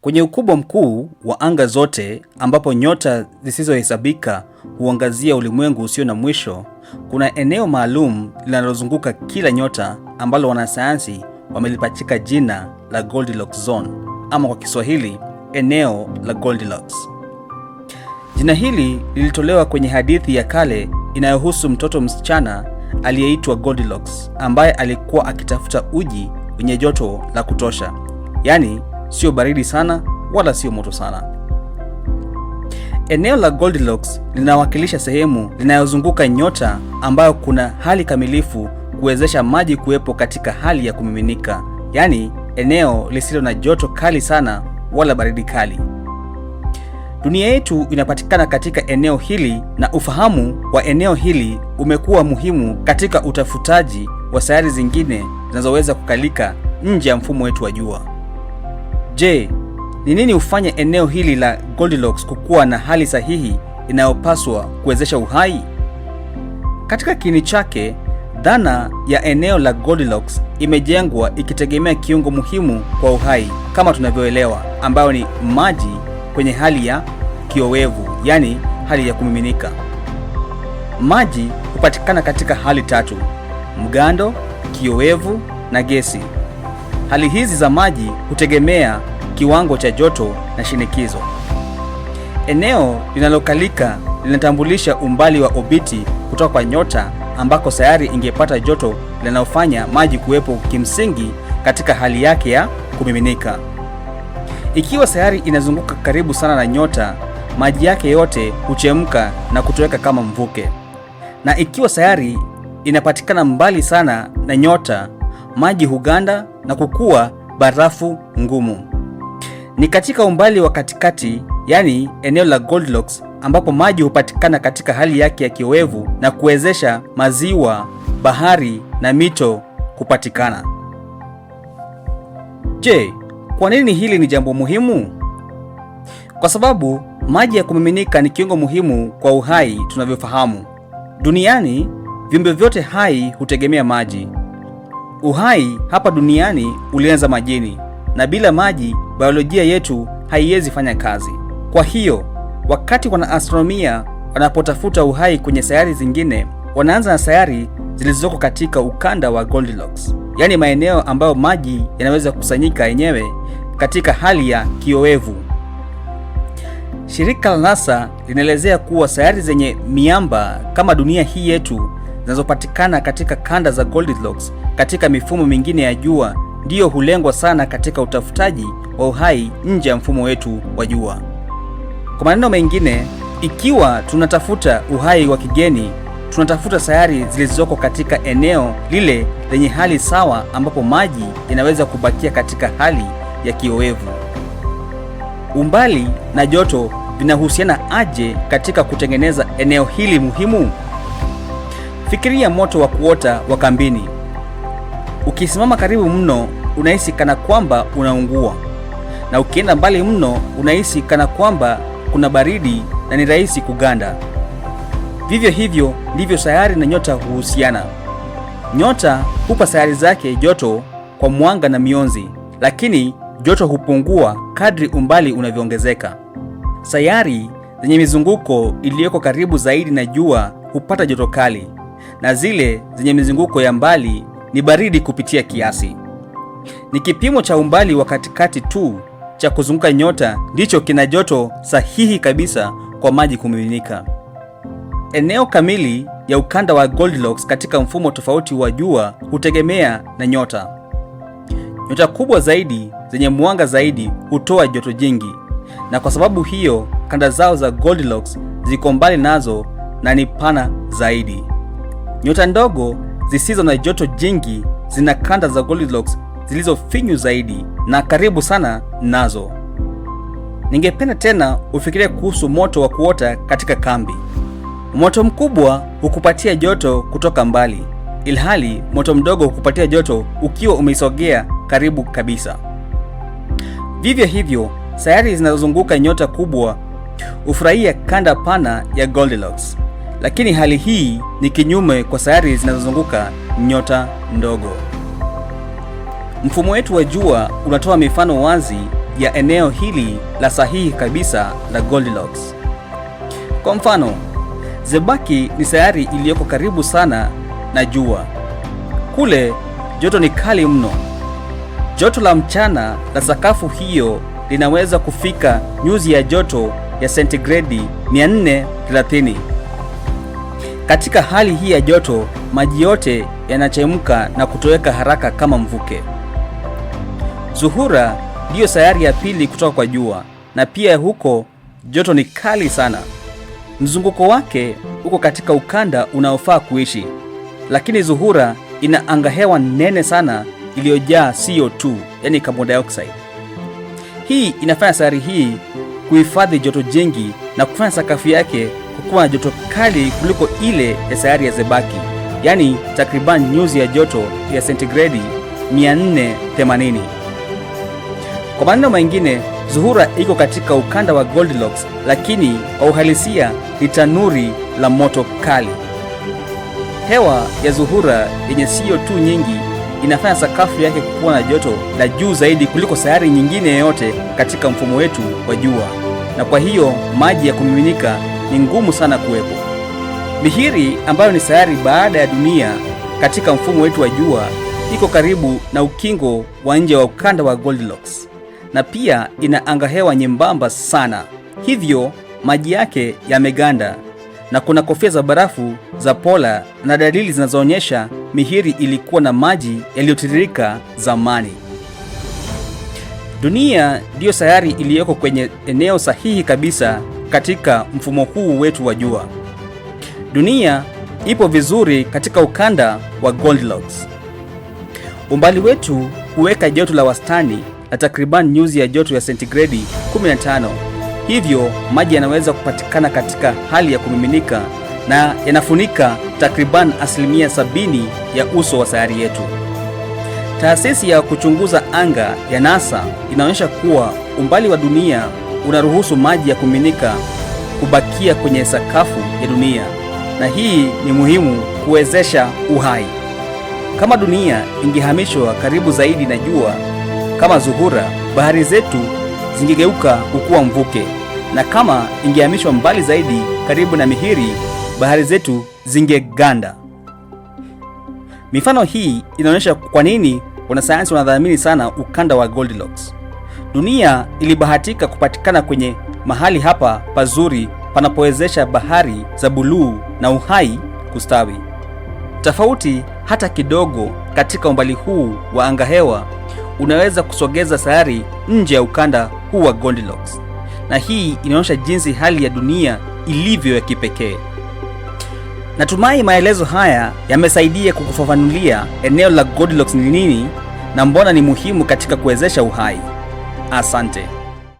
kwenye ukubwa mkuu wa anga zote ambapo nyota zisizohesabika huangazia ulimwengu usio na mwisho, kuna eneo maalum linalozunguka kila nyota ambalo wanasayansi wamelipachika jina la Goldilocks Zone, ama kwa Kiswahili eneo la Goldilocks. Jina hili lilitolewa kwenye hadithi ya kale inayohusu mtoto msichana aliyeitwa Goldilocks ambaye alikuwa akitafuta uji wenye joto la kutosha, yani sio baridi sana wala sio moto sana. Eneo la Goldilocks linawakilisha sehemu linayozunguka nyota ambayo kuna hali kamilifu kuwezesha maji kuwepo katika hali ya kumiminika, yaani eneo lisilo na joto kali sana wala baridi kali. Dunia yetu inapatikana katika eneo hili na ufahamu wa eneo hili umekuwa muhimu katika utafutaji wa sayari zingine zinazoweza kukalika nje ya mfumo wetu wa jua. Je, ni nini hufanya eneo hili la Goldilocks kukuwa na hali sahihi inayopaswa kuwezesha uhai? Katika kiini chake, dhana ya eneo la Goldilocks imejengwa ikitegemea kiungo muhimu kwa uhai kama tunavyoelewa, ambayo ni maji kwenye hali ya kiowevu, yaani hali ya kumiminika. Maji hupatikana katika hali tatu: mgando, kiowevu na gesi. Hali hizi za maji hutegemea kiwango cha joto na shinikizo. Eneo linalokalika linatambulisha umbali wa obiti kutoka kwa nyota ambako sayari ingepata joto linalofanya maji kuwepo kimsingi katika hali yake ya kumiminika. Ikiwa sayari inazunguka karibu sana na nyota, maji yake yote huchemka na kutoweka kama mvuke, na ikiwa sayari inapatikana mbali sana na nyota maji huganda na kukua barafu ngumu. Ni katika umbali wa katikati, yaani eneo la Goldilocks, ambapo maji hupatikana katika hali yake ya kiowevu na kuwezesha maziwa, bahari na mito kupatikana. Je, kwa nini hili ni jambo muhimu? Kwa sababu maji ya kumiminika ni kiungo muhimu kwa uhai tunavyofahamu. Duniani, viumbe vyote hai hutegemea maji. Uhai hapa duniani ulianza majini, na bila maji biolojia yetu haiwezi fanya kazi. Kwa hiyo wakati wanaastronomia wanapotafuta uhai kwenye sayari zingine, wanaanza na sayari zilizoko katika ukanda wa Goldilocks, yaani maeneo ambayo maji yanaweza kukusanyika yenyewe katika hali ya kiowevu. Shirika la NASA linaelezea kuwa sayari zenye miamba kama dunia hii yetu zinazopatikana katika kanda za Goldilocks katika mifumo mingine ya jua ndiyo hulengwa sana katika utafutaji wa uhai nje ya mfumo wetu wa jua. Kwa maneno mengine, ikiwa tunatafuta uhai wa kigeni, tunatafuta sayari zilizoko katika eneo lile lenye hali sawa, ambapo maji inaweza kubakia katika hali ya kiowevu. Umbali na joto vinahusiana aje katika kutengeneza eneo hili muhimu? Fikiria moto wa kuota wa kambini. Ukisimama karibu mno, unahisi kana kwamba unaungua, na ukienda mbali mno, unahisi kana kwamba kuna baridi na ni rahisi kuganda. Vivyo hivyo ndivyo sayari na nyota huhusiana. Nyota hupa sayari zake joto kwa mwanga na mionzi, lakini joto hupungua kadri umbali unavyoongezeka. Sayari zenye mizunguko iliyoko karibu zaidi na jua hupata joto kali, na zile zenye mizunguko ya mbali ni baridi kupitia kiasi. Ni kipimo cha umbali wa katikati tu cha kuzunguka nyota ndicho kina joto sahihi kabisa kwa maji kumiminika. Eneo kamili ya ukanda wa Goldilocks katika mfumo tofauti wa jua hutegemea na nyota. Nyota kubwa zaidi zenye mwanga zaidi hutoa joto jingi, na kwa sababu hiyo kanda zao za Goldilocks ziko mbali nazo na ni pana zaidi. Nyota ndogo zisizo na joto jingi zina kanda za Goldilocks zilizofinyu zaidi na karibu sana nazo. Ningependa tena ufikirie kuhusu moto wa kuota katika kambi. Moto mkubwa hukupatia joto kutoka mbali, ilhali moto mdogo hukupatia joto ukiwa umeisogea karibu kabisa. Vivyo hivyo, sayari zinazozunguka nyota kubwa hufurahia kanda pana ya Goldilocks lakini hali hii ni kinyume kwa sayari zinazozunguka nyota ndogo. Mfumo wetu wa jua unatoa mifano wazi ya eneo hili la sahihi kabisa la Goldilocks. Kwa mfano, Zebaki ni sayari iliyoko karibu sana na jua. Kule joto ni kali mno. Joto la mchana la sakafu hiyo linaweza kufika nyuzi ya joto ya sentigredi 430. Katika hali hii ya joto, maji yote yanachemka na kutoweka haraka kama mvuke. Zuhura ndiyo sayari ya pili kutoka kwa jua na pia huko joto ni kali sana. Mzunguko wake uko katika ukanda unaofaa kuishi, lakini Zuhura ina angahewa nene sana iliyojaa CO2, yani carbon dioxide. Hii inafanya sayari hii kuhifadhi joto jingi na kufanya sakafu yake kukuwa na joto kali kuliko ile ya sayari ya Zebaki, yaani takriban nyuzi ya joto ya sentigredi 480. Kwa maneno mengine, Zuhura iko katika ukanda wa Goldilocks, lakini kwa uhalisia ni tanuri la moto kali. Hewa ya Zuhura yenye CO2 nyingi inafanya sakafu yake kukuwa na joto la juu zaidi kuliko sayari nyingine yoyote katika mfumo wetu wa jua, na kwa hiyo maji ya kumiminika ni ngumu sana kuwepo. Mihiri ambayo ni sayari baada ya dunia katika mfumo wetu wa jua iko karibu na ukingo wa nje wa ukanda wa Goldilocks na pia ina angahewa nyembamba sana, hivyo maji yake yameganda na kuna kofia za barafu za pola na dalili zinazoonyesha mihiri ilikuwa na maji yaliyotiririka zamani. Dunia ndiyo sayari iliyoko kwenye eneo sahihi kabisa katika mfumo huu wetu wa jua. Dunia ipo vizuri katika ukanda wa Goldilocks. Umbali wetu huweka joto la wastani na takriban nyuzi ya joto ya sentigredi 15. Hivyo maji yanaweza kupatikana katika hali ya kumiminika na yanafunika takriban asilimia sabini ya uso wa sayari yetu. Taasisi ya kuchunguza anga ya NASA inaonyesha kuwa umbali wa dunia unaruhusu maji ya kuminika kubakia kwenye sakafu ya dunia, na hii ni muhimu kuwezesha uhai. Kama dunia ingehamishwa karibu zaidi na jua kama Zuhura, bahari zetu zingegeuka kukuwa mvuke, na kama ingehamishwa mbali zaidi karibu na mihiri, bahari zetu zingeganda. Mifano hii inaonyesha kwa nini wanasayansi wanadhamini sana ukanda wa Goldilocks. Dunia ilibahatika kupatikana kwenye mahali hapa pazuri panapowezesha bahari za buluu na uhai kustawi. Tofauti hata kidogo katika umbali huu wa angahewa unaweza kusogeza sayari nje ya ukanda huu wa Goldilocks, na hii inaonyesha jinsi hali ya dunia ilivyo ya kipekee. Natumai maelezo haya yamesaidia kukufafanulia eneo la Goldilocks ni nini na mbona ni muhimu katika kuwezesha uhai. Asante.